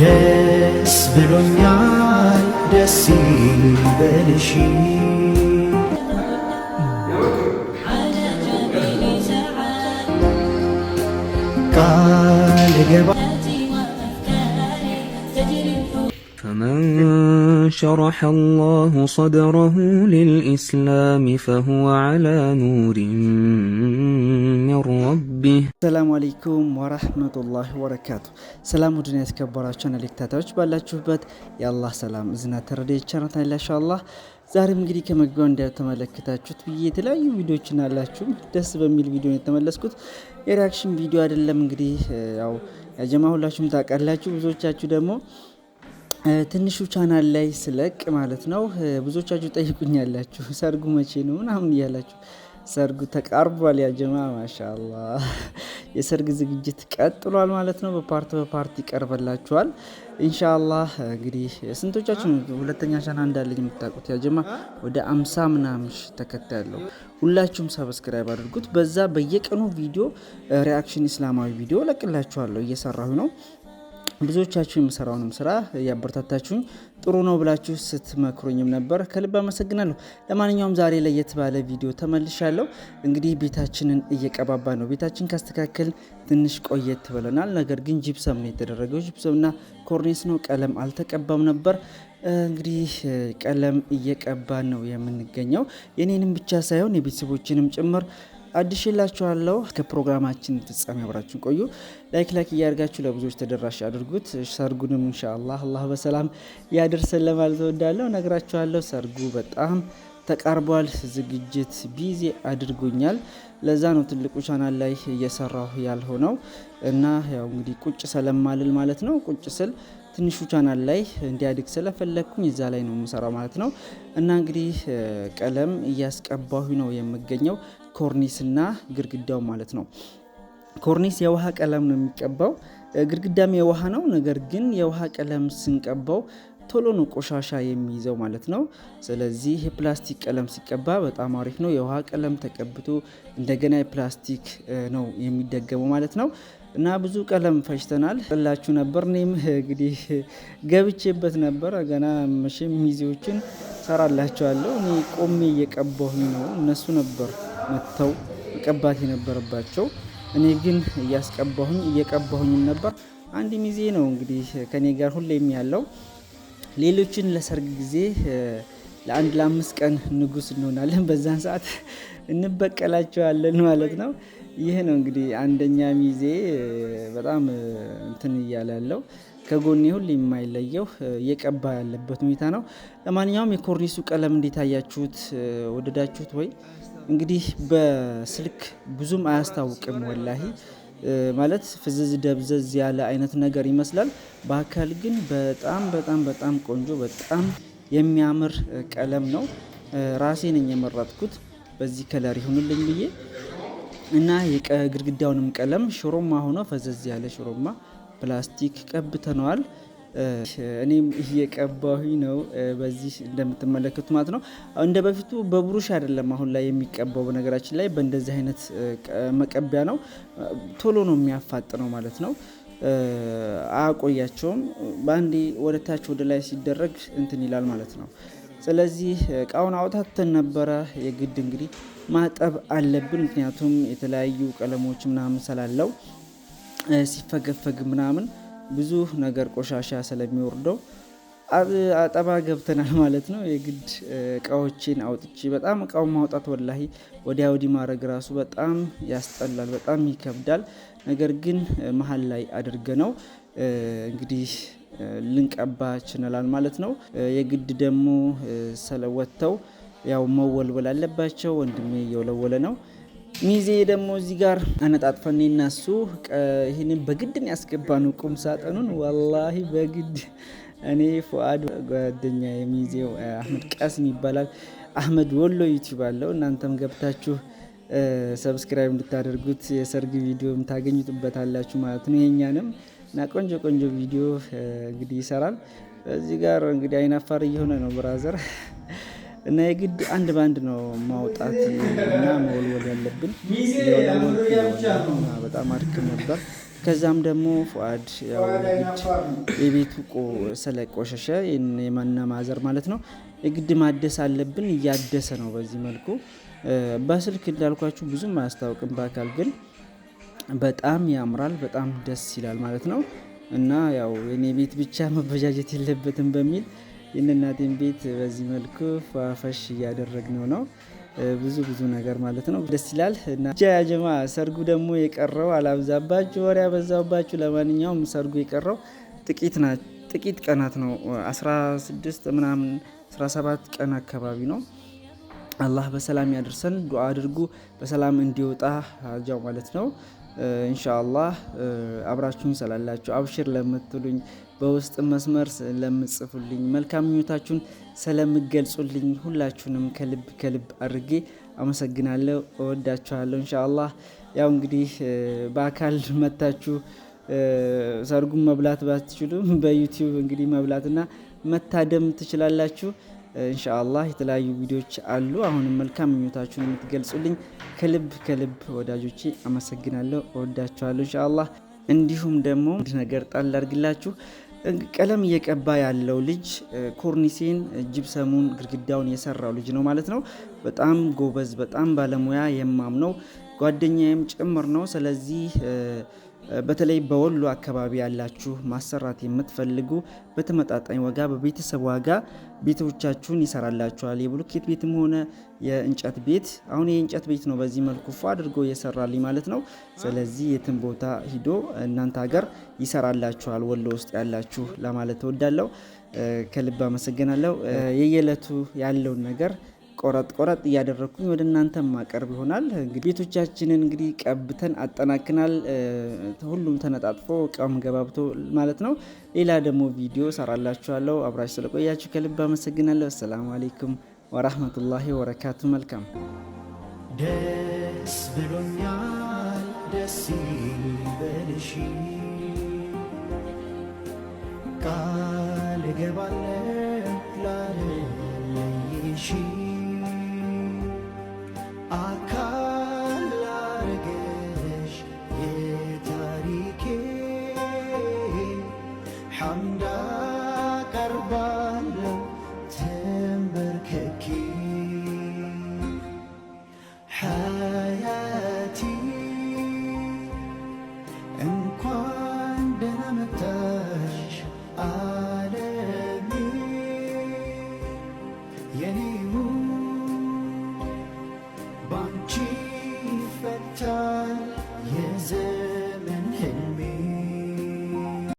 ደስ ብሎኛል፣ ደስ ይበልሽ ቃል ገባ شرح الله صدره للإسلام فهو على نور من ربه السلام عليكم ورحمة الله وبركاته سلام ودنيا تكبراتشان لكتاتوش ባላችሁበት የአላህ ሰላም እዝና ተረዴ ቻናታን ኢንሻአላህ ዛሬም እንግዲህ ከመግቢያው እንደተመለከታችሁት ብዬ የተለያዩ ቪዲዮዎችን አላችሁም ደስ በሚል ቪዲዮ የተመለስኩት የሪያክሽን ቪዲዮ አይደለም እንግዲህ ያው ያጀማ ሁላችሁም ታውቃላችሁ ብዙዎቻችሁ ደግሞ ትንሹ ቻናል ላይ ስለቅ ማለት ነው። ብዙዎቻችሁ ጠይቁኝ ያላችሁ ሰርጉ መቼ ነው ምናምን እያላችሁ ሰርጉ ተቃርቧል። ያጀማ ማሻላ የሰርግ ዝግጅት ቀጥሏል ማለት ነው። በፓርት በፓርት ይቀርበላችኋል እንሻላ። እንግዲህ ስንቶቻችን ሁለተኛ ቻና እንዳለኝ የምታውቁት ያጀማ ወደ አምሳ ምናምሽ ተከታይ ያለው ሁላችሁም ሰብስክራይብ አድርጉት። በዛ በየቀኑ ቪዲዮ ሪያክሽን፣ ኢስላማዊ ቪዲዮ ለቅላችኋለሁ እየሰራሁ ነው። ብዙዎቻችሁ የምሰራውንም ስራ እያበረታታችሁኝ ጥሩ ነው ብላችሁ ስትመክሩኝም ነበር። ከልብ አመሰግናለሁ። ለማንኛውም ዛሬ ለየት ባለ ቪዲዮ ተመልሻለሁ። እንግዲህ ቤታችንን እየቀባባ ነው። ቤታችን ካስተካከል ትንሽ ቆየት ብለናል። ነገር ግን ጅብሰም ነው የተደረገው። ጅብሰምና ኮርኔስ ነው። ቀለም አልተቀባም ነበር። እንግዲህ ቀለም እየቀባ ነው የምንገኘው። የኔንም ብቻ ሳይሆን የቤተሰቦችንም ጭምር አድሽላችኋለሁ። ከፕሮግራማችን ፍጻሜ አብራችን ቆዩ። ላይክ ላይክ እያደርጋችሁ ለብዙዎች ተደራሽ አድርጉት። ሰርጉንም እንሻላ አላህ በሰላም ያደርሰን ለማለት እወዳለሁ። ነግራችኋለሁ፣ ሰርጉ በጣም ተቃርቧል። ዝግጅት ቢዚ አድርጎኛል። ለዛ ነው ትልቁ ቻናል ላይ እየሰራሁ ያልሆነው እና ያው እንግዲህ ቁጭ ስለማልል ማለት ነው ቁጭ ስል ትንሹ ቻናል ላይ እንዲያድግ ስለፈለግኩኝ እዛ ላይ ነው የምሰራው ማለት ነው። እና እንግዲህ ቀለም እያስቀባሁ ነው የምገኘው። ኮርኒስና ግድግዳው ማለት ነው። ኮርኒስ የውሃ ቀለም ነው የሚቀባው። ግድግዳም የውሃ ነው። ነገር ግን የውሃ ቀለም ስንቀባው ቶሎ ነው ቆሻሻ የሚይዘው ማለት ነው። ስለዚህ የፕላስቲክ ቀለም ሲቀባ በጣም አሪፍ ነው። የውሃ ቀለም ተቀብቶ እንደገና የፕላስቲክ ነው የሚደገመው ማለት ነው። እና ብዙ ቀለም ፈጅተናል ጥላችሁ ነበር። እኔም እንግዲህ ገብቼበት ነበር። ገና መቼም ሚዜዎችን ሰራላቸዋለሁ። እኔ ቆሜ እየቀባሁኝ ነው። እነሱ ነበር መጥተው መቀባት የነበረባቸው። እኔ ግን እያስቀባሁኝ እየቀባሁኝም ነበር። አንድ ሚዜ ነው እንግዲህ ከኔ ጋር ሁሌም ያለው። ሌሎችን ለሰርግ ጊዜ ለአንድ ለአምስት ቀን ንጉስ እንሆናለን። በዛን ሰዓት እንበቀላቸዋለን ማለት ነው። ይህ ነው እንግዲህ አንደኛ ሚዜ በጣም እንትን እያለ ያለው ከጎኔ ሁሌ የማይለየው እየቀባ ያለበት ሁኔታ ነው። ለማንኛውም የኮርኒሱ ቀለም እንዴት አያችሁት? ወደዳችሁት ወይ? እንግዲህ በስልክ ብዙም አያስታውቅም ወላሂ ማለት ፍዝዝ ደብዘዝ ያለ አይነት ነገር ይመስላል። በአካል ግን በጣም በጣም በጣም ቆንጆ በጣም የሚያምር ቀለም ነው። ራሴ ነኝ የመረጥኩት በዚህ ከለር ይሁንልኝ ብዬ እና የግድግዳውንም ቀለም ሽሮማ ሆኖ ፈዘዝ ያለ ሽሮማ ፕላስቲክ ቀብተነዋል። እኔም እየቀባሁኝ ነው በዚህ እንደምትመለከቱ ማለት ነው። እንደ በፊቱ በብሩሽ አይደለም አሁን ላይ የሚቀባው። በነገራችን ላይ በእንደዚህ አይነት መቀቢያ ነው፣ ቶሎ ነው የሚያፋጥነው ማለት ነው። አያቆያቸውም። በአንዴ ወደታች ወደ ላይ ሲደረግ እንትን ይላል ማለት ነው። ስለዚህ እቃውን አውጣተን ነበረ የግድ እንግዲህ ማጠብ አለብን። ምክንያቱም የተለያዩ ቀለሞች ምናምን ስላለው ሲፈገፈግ ምናምን ብዙ ነገር ቆሻሻ ስለሚወርደው አጠባ ገብተናል ማለት ነው። የግድ እቃዎችን አውጥቼ በጣም እቃውን ማውጣት ወላሂ ወዲያ ወዲ ማድረግ ራሱ በጣም ያስጠላል፣ በጣም ይከብዳል። ነገር ግን መሀል ላይ አድርገ ነው እንግዲህ ልንቀባ ችነላል ማለት ነው። የግድ ደግሞ ስለወጥተው ያው መወልወል አለባቸው። ወንድሜ እየወለወለ ነው። ሚዜ ደግሞ እዚህ ጋር አነጣጥፈን እናሱ ይህንን በግድን ያስገባኑ ቁም ሳጥኑን ወላሂ በግድ እኔ ፉአድ ጓደኛ የሚዜው አህመድ ቀስም ይባላል። አህመድ ወሎ ዩቲዩብ አለው። እናንተም ገብታችሁ ሰብስክራይብ እንድታደርጉት የሰርግ ቪዲዮ ታገኙትበታላችሁ ማለት ነው። የኛንም እና ቆንጆ ቆንጆ ቪዲዮ እንግዲህ ይሰራል። በዚህ ጋር እንግዲህ አይናፋር እየሆነ ነው ብራዘር እና የግድ አንድ በአንድ ነው ማውጣት እና መወልወል ያለብን። በጣም አድክ ነበር። ከዛም ደግሞ ፉአድ የግድ የቤቱ ስለቆሸሸ የማና ማዘር ማለት ነው የግድ ማደስ አለብን። እያደሰ ነው። በዚህ መልኩ በስልክ እንዳልኳችሁ ብዙም አያስታውቅም፣ በአካል ግን በጣም ያምራል፣ በጣም ደስ ይላል ማለት ነው። እና ያው የኔ ቤት ብቻ መበጃጀት የለበትም በሚል የእናቴን ቤት በዚህ መልኩ ፏፈሽ እያደረግነው ነው። ብዙ ብዙ ነገር ማለት ነው። ደስ ይላል እና ሰርጉ ደግሞ የቀረው አላብዛባችሁ፣ ወሬ ያበዛባችሁ። ለማንኛውም ሰርጉ የቀረው ጥቂት ጥቂት ቀናት ነው። 16 ምናምን 17 ቀን አካባቢ ነው። አላህ በሰላም ያደርሰን። ዱዓ አድርጉ በሰላም እንዲወጣ አጃው ማለት ነው። ኢንሻአላህ አብራችሁኝ ስላላችሁ አብሽር ለምትሉኝ በውስጥ መስመር ለምጽፉልኝ መልካም ምኞታችሁን ስለምገልጹልኝ ሁላችሁንም ከልብ ከልብ አድርጌ አመሰግናለሁ። እወዳችኋለሁ። ኢንሻአላህ ያው እንግዲህ በአካል መታችሁ ሰርጉን መብላት ባትችሉም በዩቲዩብ እንግዲህ መብላትና መታደም ትችላላችሁ። ኢንሻአላህ የተለያዩ ቪዲዮዎች አሉ። አሁንም መልካም ምኞታችሁን የምትገልጹልኝ ከልብ ከልብ ወዳጆቼ አመሰግናለሁ። እወዳችኋለሁ። ኢንሻአላህ እንዲሁም ደግሞ አንድ ነገር ጣል አድርግላችሁ ቀለም እየቀባ ያለው ልጅ ኮርኒሴን፣ ጅብሰሙን፣ ግድግዳውን የሰራው ልጅ ነው ማለት ነው። በጣም ጎበዝ፣ በጣም ባለሙያ የማምነው ጓደኛዬም ጭምር ነው። ስለዚህ በተለይ በወሎ አካባቢ ያላችሁ ማሰራት የምትፈልጉ በተመጣጣኝ ዋጋ በቤተሰብ ዋጋ ቤቶቻችሁን ይሰራላችኋል። የብሎኬት ቤትም ሆነ የእንጨት ቤት። አሁን የእንጨት ቤት ነው በዚህ መልኩ ፎ አድርጎ እየሰራልኝ ማለት ነው። ስለዚህ የትም ቦታ ሂዶ እናንተ ሀገር ይሰራላችኋል፣ ወሎ ውስጥ ያላችሁ ለማለት እወዳለሁ። ከልብ አመሰግናለሁ። የየዕለቱ ያለውን ነገር ቆረጥ ቆረጥ እያደረግኩኝ ወደ እናንተ ማቀርብ ይሆናል። ቤቶቻችንን እንግዲህ ቀብተን አጠናክናል። ሁሉም ተነጣጥፎ እቃም ገባብቶ ማለት ነው። ሌላ ደግሞ ቪዲዮ ሰራላችኋለሁ። አብራችሁ ስለቆያችሁ ከልብ አመሰግናለሁ። አሰላሙ አሌይኩም ወራህመቱላሂ ወበረካቱ። መልካም ደስ ብሎኛል። ደስ በልሽ ቃል ገባለ ላለ হামদা কারবান